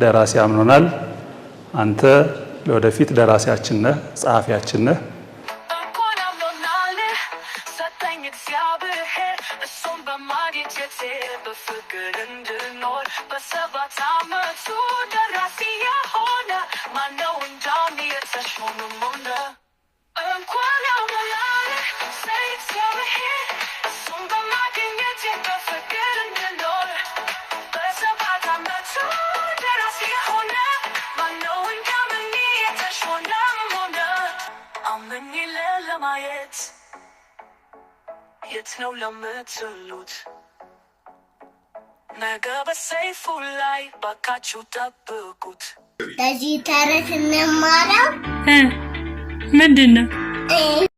ደራሲ አምኖናል። አንተ ለወደፊት ደራሲያችን ነህ፣ ጸሐፊያችን ነህ። እሱን በማግኘት በፍቅር እንድኖር በሰባት አመቱ ተመኝለ ለማየት የት ነው ለምትሉት ነገ በሰይፉ ላይ ባካችሁ ጠብቁት። በዚህ ተረት እንማረው ምንድን ነው?